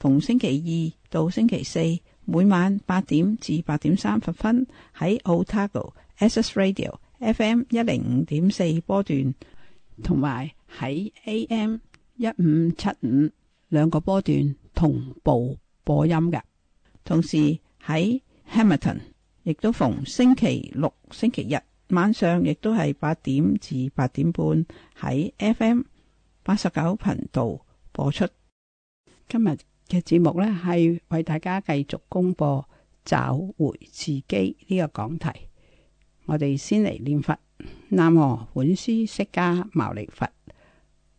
逢星期二到星期四，每晚八點至八點三十分喺 Otago Access Radio FM 一零五點四波段，同埋喺 AM 一五七五兩個波段同步播音嘅。同時喺 Hamilton，亦都逢星期六、星期日晚上，亦都係八點至八點半喺 FM 八十九頻道播出。今日嘅節目呢係為大家繼續公布找回自己呢個講題。我哋先嚟念佛：南無本師釋迦牟尼佛，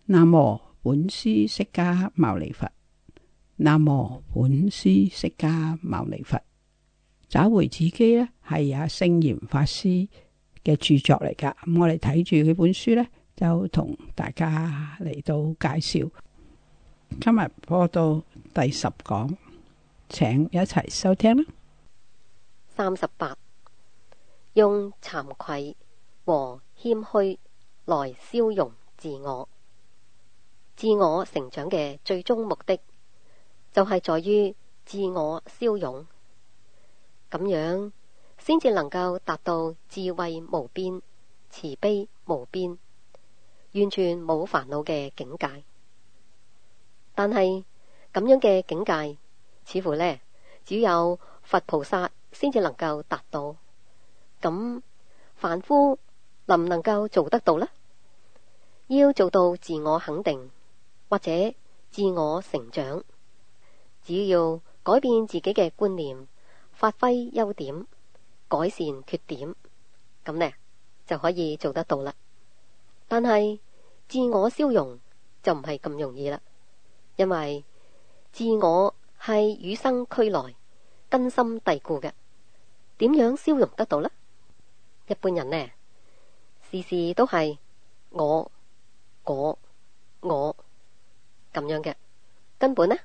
南無本師釋迦牟尼佛，南無本師釋迦牟尼佛。找回自己呢係阿聖嚴法師嘅著作嚟噶。咁我哋睇住佢本書呢，就同大家嚟到介紹。今日播到第十講，請一齊收聽啦。三十八，用慚愧和謙虛來消融自我，自我成長嘅最終目的，就係在於自我消融，咁樣先至能夠達到智慧無邊、慈悲無邊、完全冇煩惱嘅境界。但係咁樣嘅境界，似乎呢，只有佛菩薩先至能夠達到。咁凡夫能唔能夠做得到呢？要做到自我肯定或者自我成長，只要改變自己嘅觀念，發揮優點，改善缺點，咁呢，就可以做得到啦。但係自我消融就唔係咁容易啦。因為自我係與生俱來根深蒂固嘅，點樣消融得到呢？一般人呢，事事都係我、我、我咁樣嘅，根本呢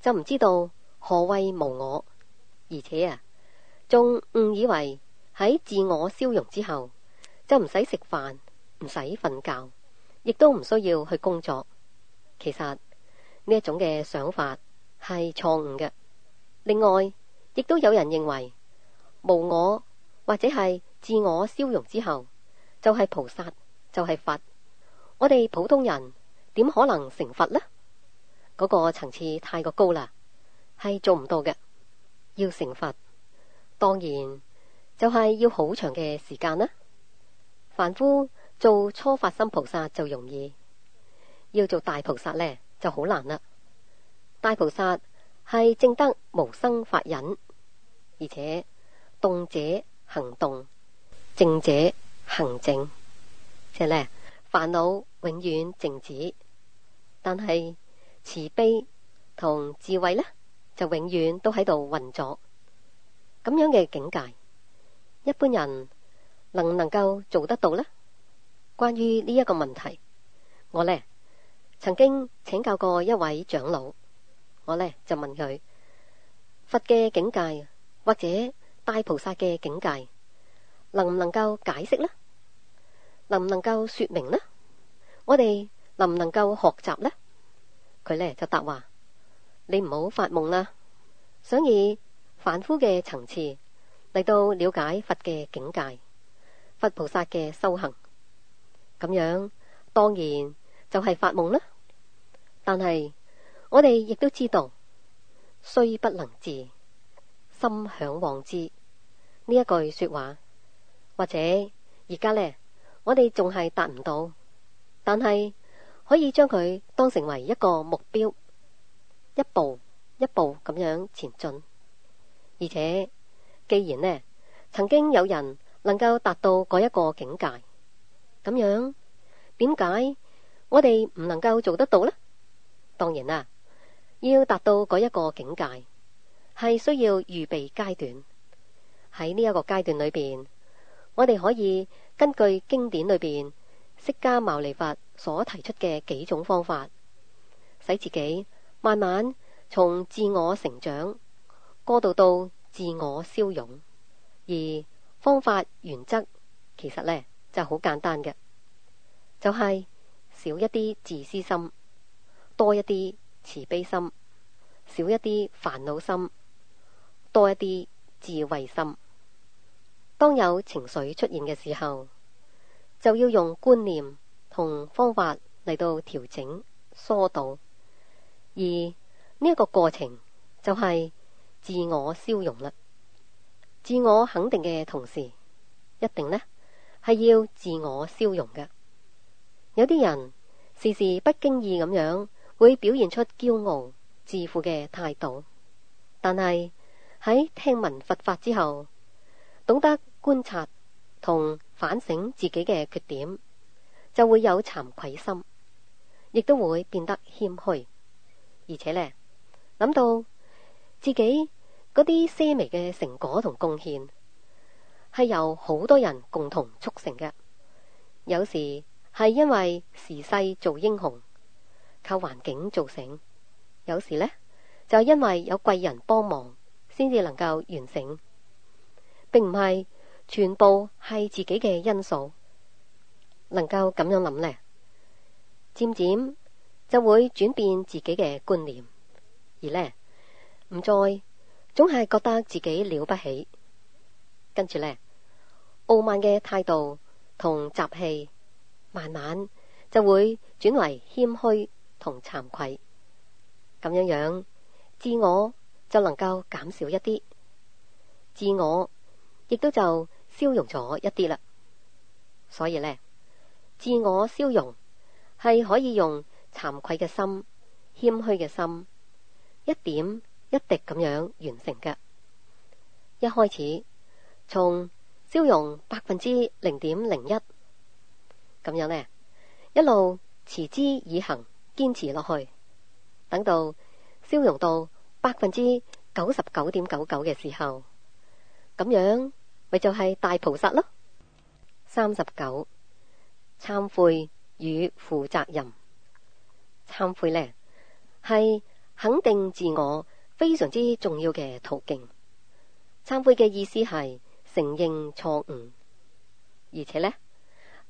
就唔知道何謂無我，而且啊，仲誤以為喺自我消融之後就唔使食飯，唔使瞓覺，亦都唔需要去工作。其實。呢一種嘅想法係錯誤嘅。另外，亦都有人認為無我或者係自我消融之後就係、是、菩薩就係、是、佛。我哋普通人點可能成佛呢？嗰、那個層次太過高啦，係做唔到嘅。要成佛，當然就係要好長嘅時間啦。凡夫做初發心菩薩就容易，要做大菩薩呢，就好難啦！大菩薩係正得無生法忍，而且動者行動，靜者行靜，即係咧煩惱永遠靜止，但係慈悲同智慧呢，就永遠都喺度運作。咁樣嘅境界，一般人能唔能夠做得到呢？關於呢一個問題，我呢。曾經請教過一位長老，我呢就問佢：佛嘅境界，或者大菩薩嘅境界，能唔能夠解釋呢？能唔能夠說明呢？我哋能唔能夠學習呢？佢呢就答話：你唔好發夢啦！想以凡夫嘅層次嚟到了解佛嘅境界、佛菩薩嘅修行，咁樣當然就係發夢啦。但係，我哋亦都知道，雖不能至，心向往之，呢一句說話。或者而家呢，我哋仲係達唔到，但係可以將佢當成為一個目標，一步一步咁樣前進。而且既然呢，曾經有人能夠達到嗰一個境界，咁樣點解我哋唔能夠做得到呢？當然啦，要達到嗰一個境界，係需要預備階段。喺呢一個階段裏邊，我哋可以根據經典裏邊釋迦牟尼佛所提出嘅幾種方法，使自己慢慢從自我成長過渡到自我消融。而方法原則其實呢，就好簡單嘅，就係少一啲自私心。多一啲慈悲心，少一啲煩惱心，多一啲智慧心。當有情緒出現嘅時候，就要用觀念同方法嚟到調整疏導。而呢個過程就係自我消融啦，自我肯定嘅同時，一定呢，係要自我消融嘅。有啲人事事不經意咁樣。會表現出驕傲自負嘅態度，但係喺聽聞佛法之後，懂得觀察同反省自己嘅缺點，就會有慚愧心，亦都會變得謙虛。而且呢，諗到自己啲些微嘅成果同貢獻，係由好多人共同促成嘅，有時係因為時勢做英雄。靠環境造成，有時呢，就係因為有貴人幫忙，先至能夠完成，並唔係全部係自己嘅因素。能夠咁樣諗呢，漸漸就會轉變自己嘅觀念，而呢，唔再總係覺得自己了不起，跟住呢，傲慢嘅態度同習氣，慢慢就會轉為謙虛。同慚愧咁樣樣，自我就能夠減少一啲，自我亦都就消融咗一啲啦。所以呢，自我消融係可以用慚愧嘅心、謙虛嘅心，一點一滴咁樣完成嘅。一開始從消融百分之零點零一，咁樣呢，一路持之以恆，堅持落去，等到消融到百分之九十九點九九嘅時候，咁樣咪就係大菩薩咯。三十九，懺悔與負責任。懺悔呢係肯定自我非常之重要嘅途徑。懺悔嘅意思係承認錯誤，而且呢，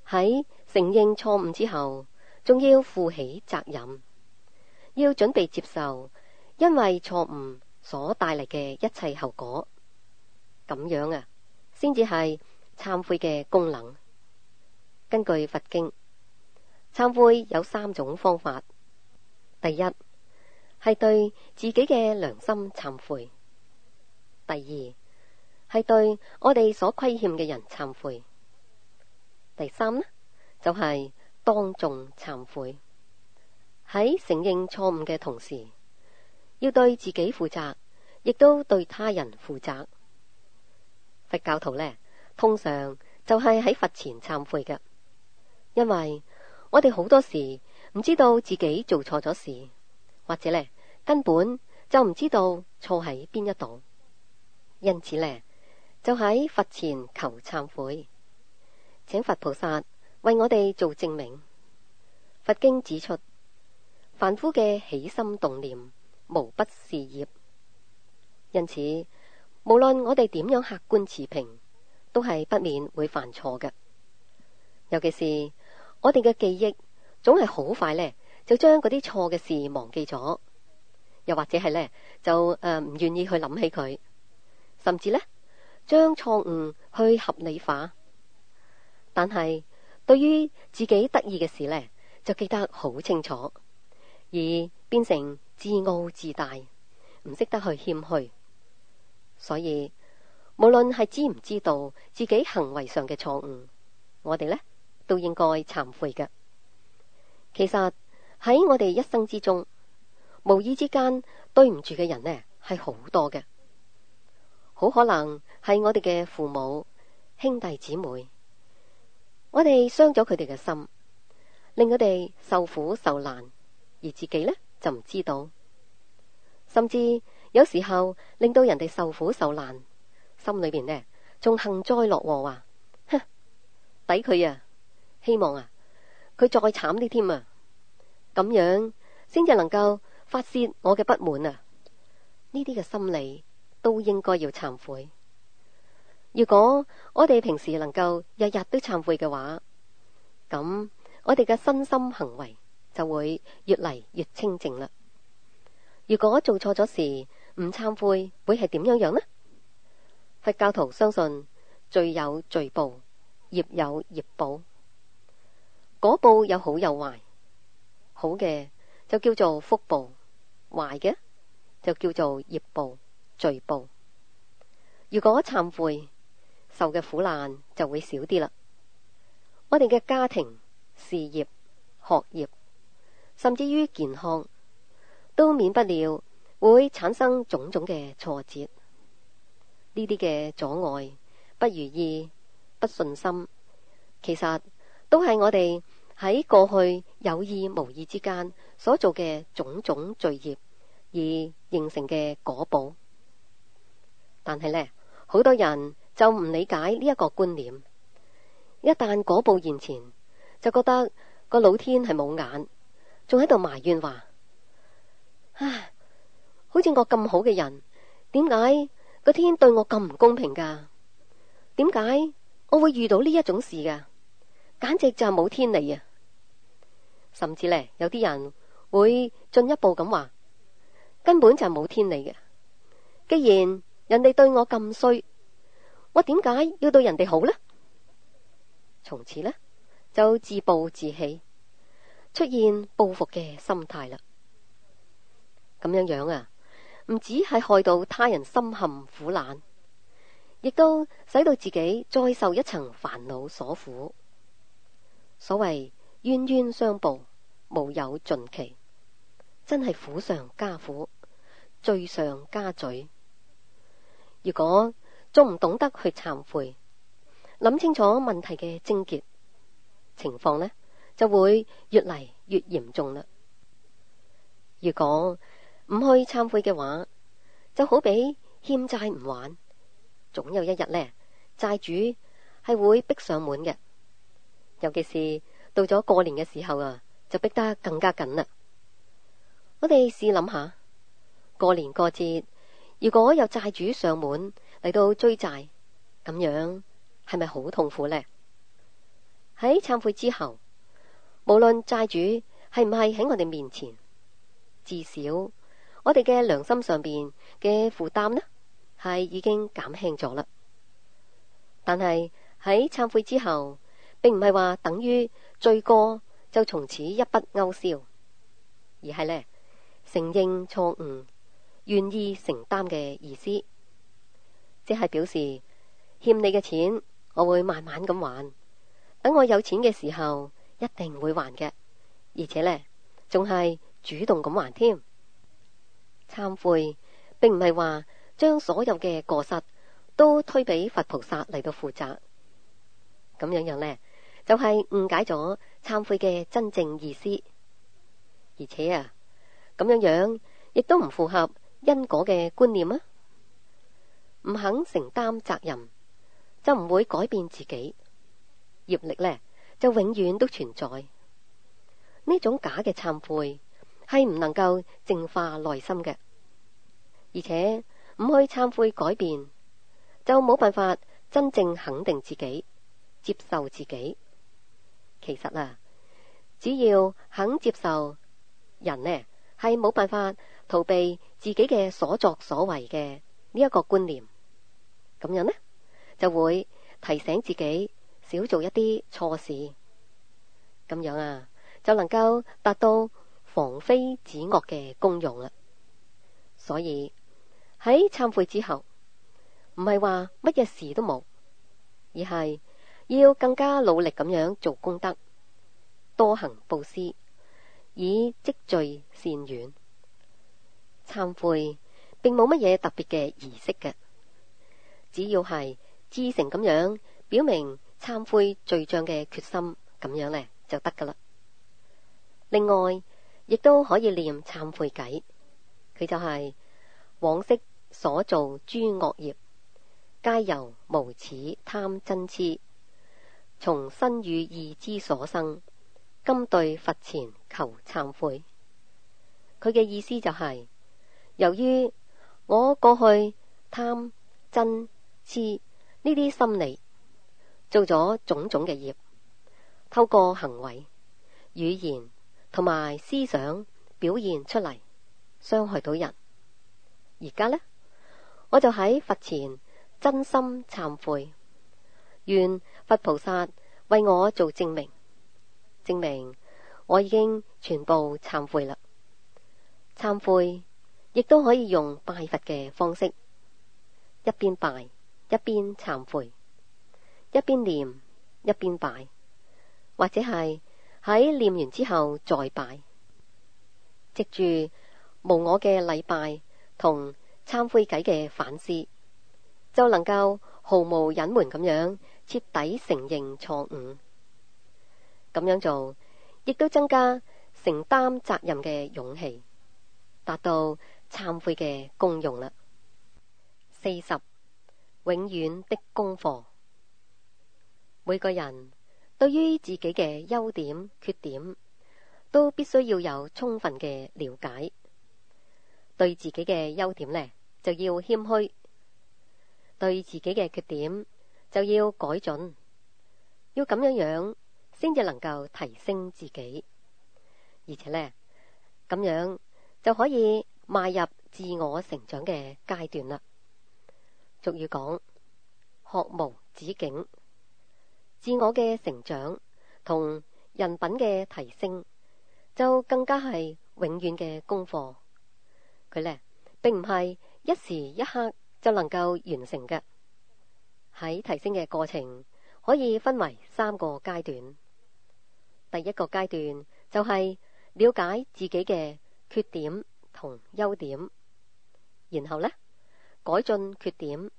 喺承認錯誤之後。仲要負起責任，要準備接受因為錯誤所帶嚟嘅一切後果。咁樣啊，先至係懺悔嘅功能。根據佛經，懺悔有三種方法：第一係對自己嘅良心懺悔；第二係對我哋所虧欠嘅人懺悔；第三呢，就係。當眾懺悔，喺承認錯誤嘅同時，要對自己負責，亦都對他人負責。佛教徒呢，通常就係喺佛前懺悔嘅，因為我哋好多時唔知道自己做錯咗事，或者呢，根本就唔知道錯喺邊一度，因此呢，就喺佛前求懺悔，請佛菩薩。為我哋做證明，佛經指出凡夫嘅起心動念無不事業，因此無論我哋點樣客觀持平，都係不免會犯錯嘅。尤其是我哋嘅記憶，總係好快呢，就將嗰啲錯嘅事忘記咗，又或者係呢，就誒、呃、唔願意去諗起佢，甚至呢，將錯誤去合理化，但係。對於自己得意嘅事呢，就記得好清楚，而變成自傲自大，唔識得去謙虛。所以無論係知唔知道自己行為上嘅錯誤，我哋呢，都應該懺悔嘅。其實喺我哋一生之中，無意之間對唔住嘅人呢，係好多嘅，好可能係我哋嘅父母、兄弟姊妹。我哋傷咗佢哋嘅心，令佢哋受苦受難，而自己呢，就唔知道，甚至有時候令到人哋受苦受難，心裏邊呢，仲幸災樂禍啊！哼，抵佢啊！希望啊，佢再慘啲添啊！咁樣先至能夠發洩我嘅不滿啊！呢啲嘅心理都應該要懺悔。如果我哋平時能夠日日都懺悔嘅話，咁我哋嘅身心行為就會越嚟越清靜啦。如果做錯咗事唔懺悔，會係點樣樣呢？佛教徒相信罪有罪報，業有業報，果報有好有壞，好嘅就叫做福報，壞嘅就叫做業報、罪報。如果懺悔。受嘅苦難就會少啲啦。我哋嘅家庭、事業、學業，甚至於健康，都免不了會產生種種嘅挫折。呢啲嘅阻礙、不如意、不信心，其實都係我哋喺過去有意無意之間所做嘅種種罪業而形成嘅果報。但係呢，好多人。就唔理解呢一個觀念。一旦果報現前，就覺得個老天係冇眼，仲喺度埋怨話：啊，好似我咁好嘅人，點解個天對我咁唔公平噶？點解我會遇到呢一種事噶？簡直就係冇天理啊！甚至呢，有啲人會進一步咁話，根本就係冇天理嘅。既然人哋對我咁衰，我點解要對人哋好呢？從此呢，就自暴自棄，出現報復嘅心態啦。咁樣樣啊，唔止係害到他人深陷苦難，亦都使到自己再受一層煩惱所苦。所謂冤冤相報，無有盡期，真係苦上加苦，罪上加罪。如果仲唔懂得去懺悔，諗清楚問題嘅症結情況呢，就會越嚟越嚴重啦。如果唔去懺悔嘅話，就好比欠債唔還，總有一日呢，債主係會逼上門嘅。尤其是到咗過年嘅時候啊，就逼得更加緊啦。我哋試諗下，過年過節，如果有債主上門。嚟到追債，咁樣係咪好痛苦呢？喺懺悔之後，無論債主係唔係喺我哋面前，至少我哋嘅良心上邊嘅負擔呢，係已經減輕咗啦。但係喺懺悔之後，並唔係話等於罪過就從此一筆勾銷，而係呢，承認錯誤，願意承擔嘅意思。即係表示欠你嘅錢，我會慢慢咁還。等我有錢嘅時候，一定會還嘅。而且呢，仲係主動咁還添。懺悔並唔係話將所有嘅過失都推俾佛菩薩嚟到負責。咁樣樣呢，就係、是、誤解咗懺悔嘅真正意思。而且啊，咁樣樣亦都唔符合因果嘅觀念啊。唔肯承擔責任，就唔會改變自己。業力呢，就永遠都存在。呢種假嘅懺悔係唔能夠淨化內心嘅，而且唔去懺悔改變，就冇辦法真正肯定自己、接受自己。其實啊，只要肯接受，人呢，係冇辦法逃避自己嘅所作所為嘅呢一個觀念。咁樣呢，就會提醒自己少做一啲錯事，咁樣啊就能夠達到防非止惡嘅功用啦。所以喺懺悔之後，唔係話乜嘢事都冇，而係要更加努力咁樣做功德，多行布施，以積聚善緣。懺悔並冇乜嘢特別嘅儀式嘅。只要係知成咁樣，表明懺悔罪障嘅決心，咁樣呢，就得噶啦。另外，亦都可以念懺悔偈，佢就係、是、往昔所造諸惡業，皆由無始貪嗔癡，從身語意之所生。今對佛前求懺悔，佢嘅意思就係、是、由於我過去貪嗔。似呢啲心理做咗種種嘅業，透過行為、語言同埋思想表現出嚟，傷害到人。而家呢，我就喺佛前真心懺悔，願佛菩薩為我做證明，證明我已經全部懺悔啦。懺悔亦都可以用拜佛嘅方式，一邊拜。一邊懺悔，一邊念，一邊拜，或者係喺念完之後再拜，藉住無我嘅禮拜同懺悔偈嘅反思，就能夠毫無隱瞞咁樣徹底承認錯誤。咁樣做，亦都增加承擔責任嘅勇氣，達到懺悔嘅功用啦。四十。永遠的功課。每個人對於自己嘅優點、缺點，都必須要有充分嘅了解。對自己嘅優點呢，就要謙虛；對自己嘅缺點，就要改進。要咁樣樣先至能夠提升自己，而且呢，咁樣就可以邁入自我成長嘅階段啦。俗語講，學無止境，自我嘅成長同人品嘅提升，就更加係永遠嘅功課。佢呢並唔係一時一刻就能夠完成嘅。喺提升嘅過程，可以分為三個階段。第一個階段就係了解自己嘅缺點同優點，然後呢。改進缺點，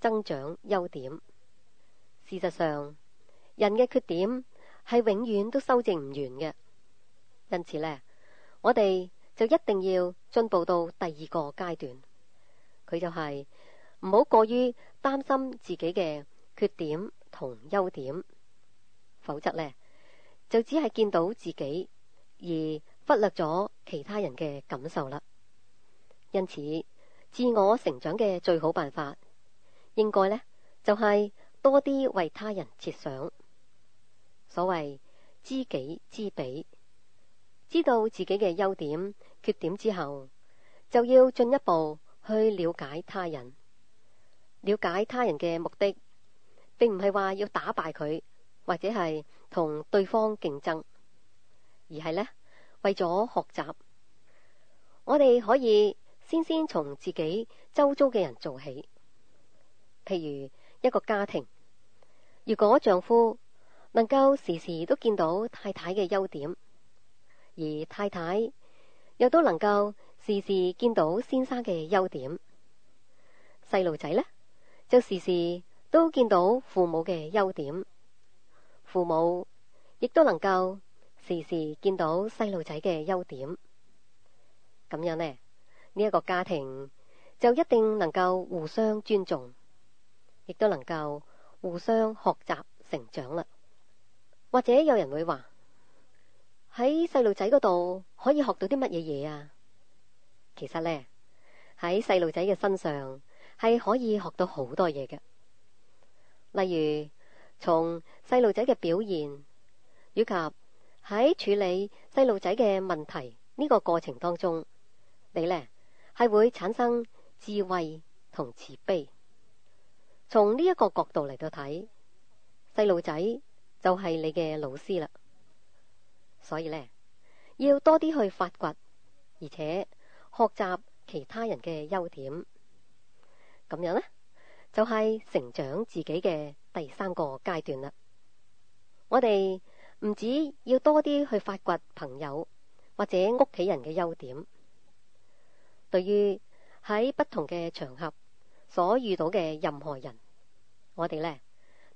增長優點。事實上，人嘅缺點係永遠都修正唔完嘅，因此呢，我哋就一定要進步到第二個階段。佢就係唔好過於擔心自己嘅缺點同優點，否則呢，就只係見到自己而忽略咗其他人嘅感受啦。因此。自我成長嘅最好辦法，應該呢，就係多啲為他人設想。所謂知己知彼，知道自己嘅優點、缺點之後，就要進一步去了解他人，了解他人嘅目的，並唔係話要打敗佢，或者係同對方競爭，而係呢，為咗學習，我哋可以。先先從自己周遭嘅人做起，譬如一個家庭，如果丈夫能夠時時都見到太太嘅優點，而太太又都能夠時時見到先生嘅優點，細路仔呢，就時時都見到父母嘅優點，父母亦都能夠時時見到細路仔嘅優點，咁樣呢，呢一個家庭就一定能夠互相尊重，亦都能夠互相學習成長啦。或者有人會話喺細路仔嗰度可以學到啲乜嘢嘢啊？其實呢，喺細路仔嘅身上係可以學到好多嘢嘅，例如從細路仔嘅表現，以及喺處理細路仔嘅問題呢個過程當中，你呢，係會產生智慧同慈悲。從呢一個角度嚟到睇，細路仔就係你嘅老師啦。所以呢，要多啲去發掘，而且學習其他人嘅優點。咁樣呢，就係成長自己嘅第三個階段啦。我哋唔止要多啲去發掘朋友或者屋企人嘅優點。對於喺不同嘅場合所遇到嘅任何人，我哋呢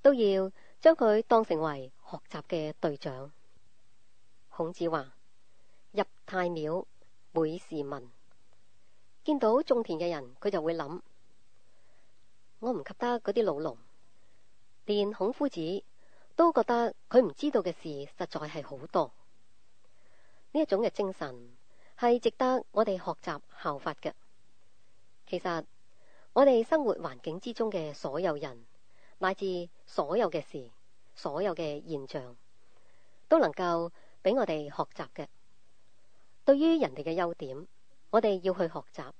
都要將佢當成為學習嘅對象。孔子話：入太廟，每事問。見到種田嘅人，佢就會諗：我唔及得嗰啲老農。連孔夫子都覺得佢唔知道嘅事實在係好多。呢一種嘅精神。係值得我哋學習效法嘅。其實，我哋生活環境之中嘅所有人，乃至所有嘅事、所有嘅現象，都能夠俾我哋學習嘅。對於人哋嘅優點，我哋要去學習；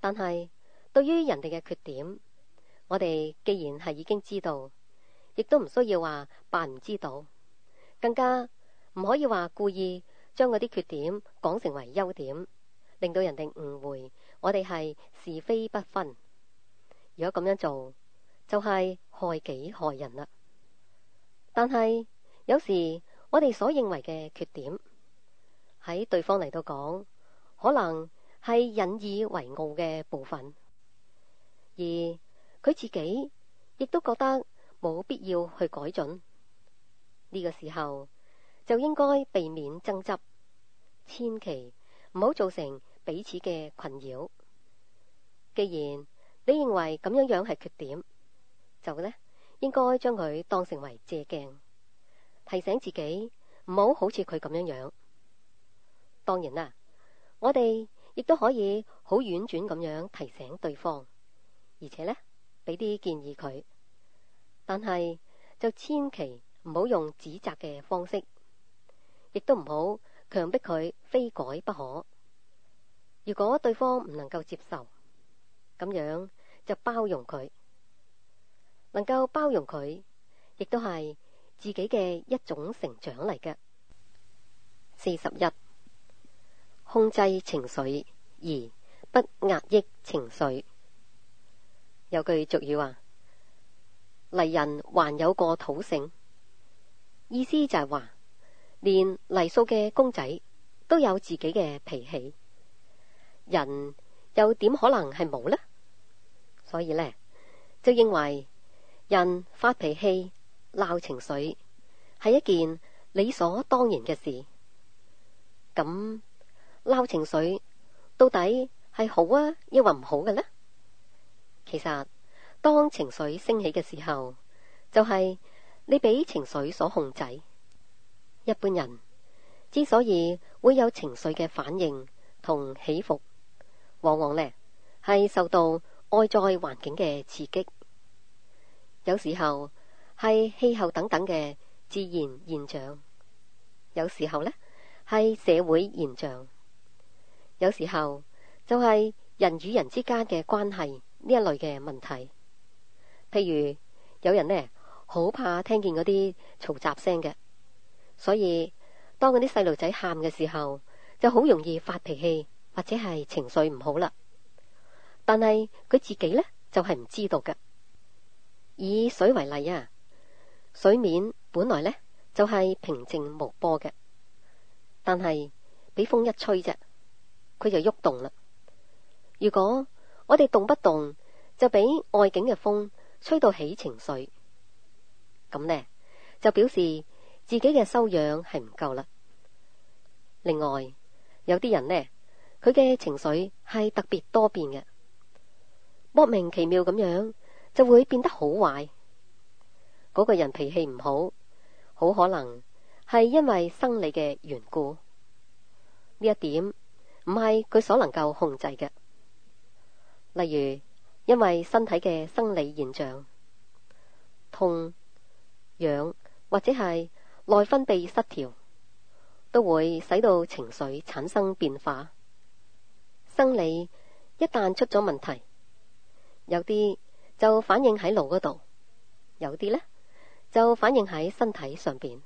但係，對於人哋嘅缺點，我哋既然係已經知道，亦都唔需要話扮唔知道，更加唔可以話故意。將嗰啲缺點講成為優點，令到人哋誤會我哋係是非不分。如果咁樣做，就係害己害人啦。但係有時我哋所認為嘅缺點，喺對方嚟到講，可能係引以為傲嘅部分，而佢自己亦都覺得冇必要去改進。呢個時候，就應該避免爭執，千祈唔好造成彼此嘅困擾。既然你認為咁樣樣係缺點，就呢應該將佢當成為借鏡，提醒自己唔好好似佢咁樣樣。當然啦，我哋亦都可以好婉轉咁樣提醒對方，而且呢，俾啲建議佢。但係就千祈唔好用指責嘅方式。亦都唔好強迫佢非改不可。如果對方唔能夠接受，咁樣就包容佢。能夠包容佢，亦都係自己嘅一種成長嚟嘅。四十一，控制情緒，而不壓抑情緒。有句俗語話：泥人還有個土性，意思就係話。連泥塑嘅公仔都有自己嘅脾氣，人又點可能係冇呢？所以呢，就認為人發脾氣、鬧情緒係一件理所當然嘅事。咁鬧情緒到底係好啊，抑或唔好嘅呢？其實當情緒升起嘅時候，就係、是、你俾情緒所控制。一般人之所以會有情緒嘅反應同起伏，往往呢係受到外在環境嘅刺激，有時候係氣候等等嘅自然現象，有時候呢係社會現象，有時候就係人與人之間嘅關係呢一類嘅問題。譬如有人呢，好怕聽見嗰啲嘈雜聲嘅。所以，當嗰啲細路仔喊嘅時候，就好容易發脾氣或者係情緒唔好啦。但係佢自己呢，就係唔知道嘅。以水為例啊，水面本來呢，就係平靜無波嘅，但係俾風一吹啫，佢就喐動啦。如果我哋動不動就俾外境嘅風吹到起情緒，咁呢，就表示。自己嘅修養係唔夠啦。另外，有啲人呢，佢嘅情緒係特別多變嘅，莫名其妙咁樣就會變得好壞。嗰個人脾氣唔好，好可能係因為生理嘅緣故。呢一點唔係佢所能夠控制嘅。例如因為身體嘅生理現象，痛、癢，或者係。內分泌失調都會使到情緒產生變化。生理一旦出咗問題，有啲就反應喺腦嗰度，有啲呢就反應喺身體上邊。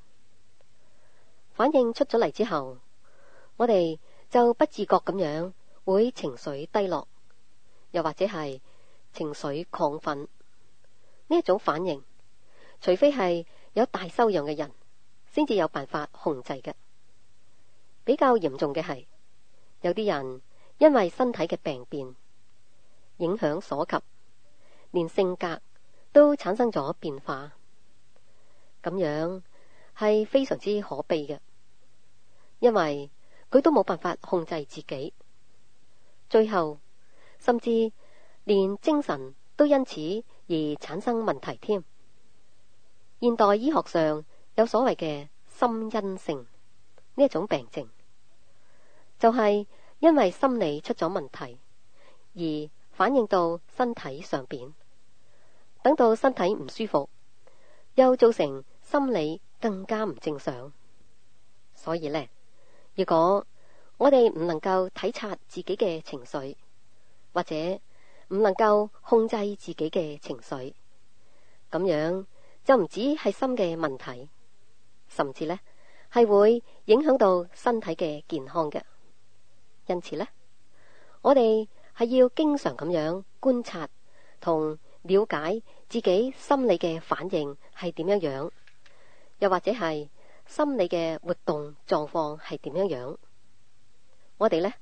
反應出咗嚟之後，我哋就不自覺咁樣會情緒低落，又或者係情緒亢奮呢一種反應。除非係有大修養嘅人，先至有辦法控制嘅。比較嚴重嘅係有啲人因為身體嘅病變影響所及，連性格都產生咗變化，咁樣係非常之可悲嘅，因為佢都冇辦法控制自己，最後甚至連精神都因此而產生問題添。現代醫學上。有所謂嘅心因性呢一種病症，就係因為心理出咗問題而反映到身體上邊，等到身體唔舒服，又造成心理更加唔正常。所以呢，如果我哋唔能夠體察自己嘅情緒，或者唔能夠控制自己嘅情緒，咁樣就唔止係心嘅問題。甚至呢，係會影響到身體嘅健康嘅。因此呢，我哋係要經常咁樣觀察同了解自己心理嘅反應係點樣樣，又或者係心理嘅活動狀況係點樣樣。我哋呢，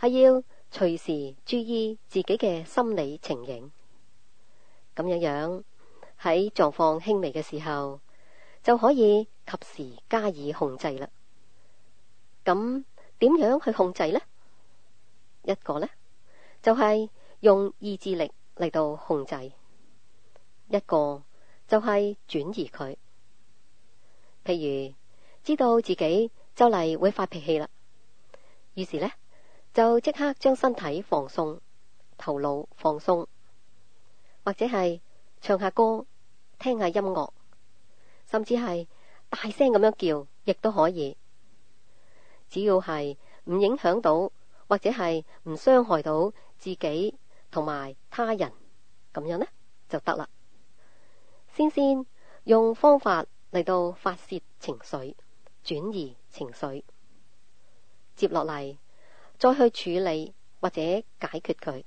係要隨時注意自己嘅心理情形，咁樣樣喺狀況輕微嘅時候就可以。及時加以控制啦。咁點樣去控制呢？一個呢，就係用意志力嚟到控制，一個就係轉移佢。譬如知道自己就嚟會發脾氣啦，於是呢，就即刻將身體放鬆，頭腦放鬆，或者係唱下歌，聽下音樂，甚至係。大聲咁樣叫，亦都可以，只要係唔影響到或者係唔傷害到自己同埋他人，咁樣呢就得啦。先先用方法嚟到發洩情緒、轉移情緒，接落嚟再去處理或者解決佢，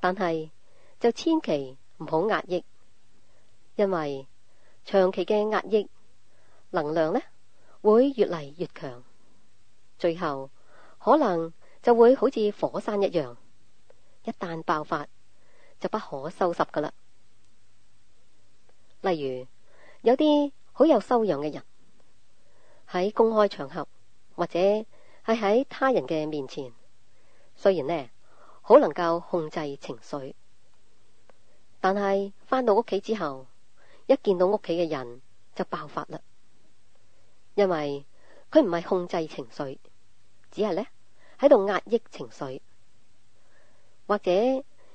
但係就千祈唔好壓抑，因為長期嘅壓抑。能量呢會越嚟越強，最後可能就會好似火山一樣，一旦爆發就不可收拾㗎喇。例如有啲好有修養嘅人喺公開場合或者係喺他人嘅面前，雖然呢好能夠控制情緒，但係返到屋企之後，一見到屋企嘅人就爆發啦。因為佢唔係控制情緒，只係呢喺度壓抑情緒，或者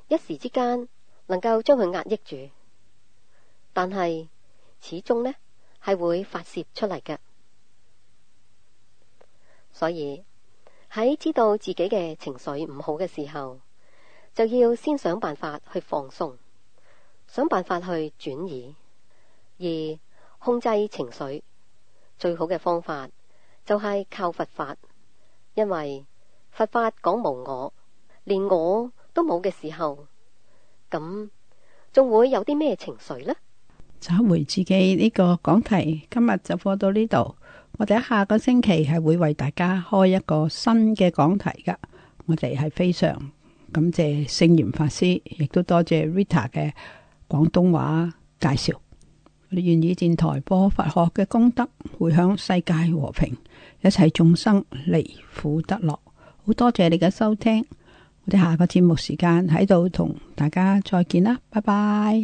一時之間能夠將佢壓抑住，但係始終呢係會發洩出嚟嘅。所以喺知道自己嘅情緒唔好嘅時候，就要先想辦法去放鬆，想辦法去轉移，而控制情緒。最好嘅方法就係靠佛法，因為佛法講無我，連我都冇嘅時候，咁仲會有啲咩情緒呢？找回自己呢個講題，今日就播到呢度。我哋下個星期係會為大家開一個新嘅講題噶。我哋係非常感謝聖賢法師，亦都多謝 Rita 嘅廣東話介紹。願以電台播佛學嘅功德，回向世界和平，一切眾生離苦得樂。好多謝你嘅收聽，我哋下個節目時間喺度同大家再見啦，拜拜。